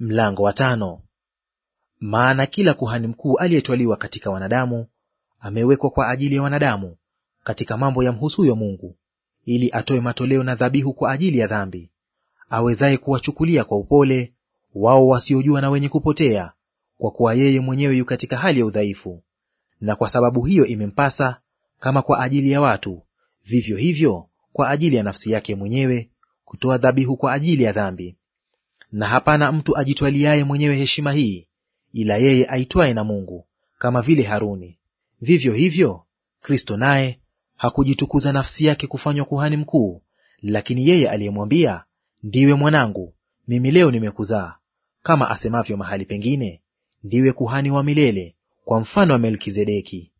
Mlango wa tano. Maana kila kuhani mkuu aliyetwaliwa katika wanadamu amewekwa kwa ajili ya wanadamu katika mambo ya mhusuyo Mungu, ili atoe matoleo na dhabihu kwa ajili ya dhambi, awezaye kuwachukulia kwa upole wao wasiojua na wenye kupotea, kwa kuwa yeye mwenyewe yu katika hali ya udhaifu. Na kwa sababu hiyo imempasa, kama kwa ajili ya watu, vivyo hivyo kwa ajili ya nafsi yake mwenyewe, kutoa dhabihu kwa ajili ya dhambi na hapana mtu ajitwaliaye mwenyewe heshima hii ila yeye aitwaye na Mungu, kama vile Haruni. Vivyo hivyo Kristo naye hakujitukuza nafsi yake kufanywa kuhani mkuu, lakini yeye aliyemwambia, ndiwe mwanangu, mimi leo nimekuzaa, kama asemavyo mahali pengine, ndiwe kuhani wa milele kwa mfano wa Melkizedeki.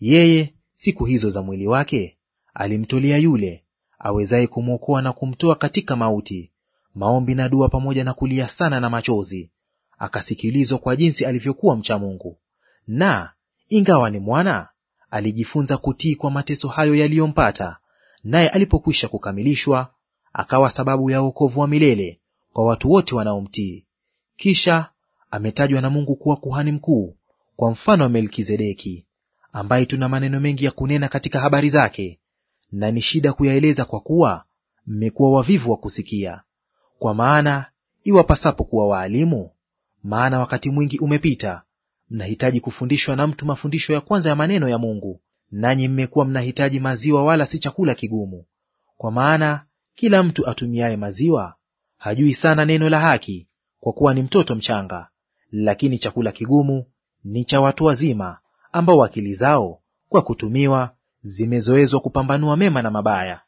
Yeye siku hizo za mwili wake alimtolea yule awezaye kumwokoa na kumtoa katika mauti, maombi na dua pamoja na kulia sana na machozi, akasikilizwa kwa jinsi alivyokuwa mcha Mungu. Na ingawa ni mwana, alijifunza kutii kwa mateso hayo yaliyompata, naye alipokwisha kukamilishwa, akawa sababu ya wokovu wa milele kwa watu wote wanaomtii. Kisha ametajwa na Mungu kuwa kuhani mkuu kwa mfano wa Melkizedeki, ambaye tuna maneno mengi ya kunena katika habari zake, na ni shida kuyaeleza, kwa kuwa mmekuwa wavivu wa kusikia. Kwa maana iwapasapo kuwa waalimu, maana wakati mwingi umepita, mnahitaji kufundishwa na mtu mafundisho ya kwanza ya maneno ya Mungu, nanyi mmekuwa mnahitaji maziwa, wala si chakula kigumu. Kwa maana kila mtu atumiaye maziwa hajui sana neno la haki, kwa kuwa ni mtoto mchanga. Lakini chakula kigumu ni cha watu wazima, ambao akili zao kwa kutumiwa zimezoezwa kupambanua mema na mabaya.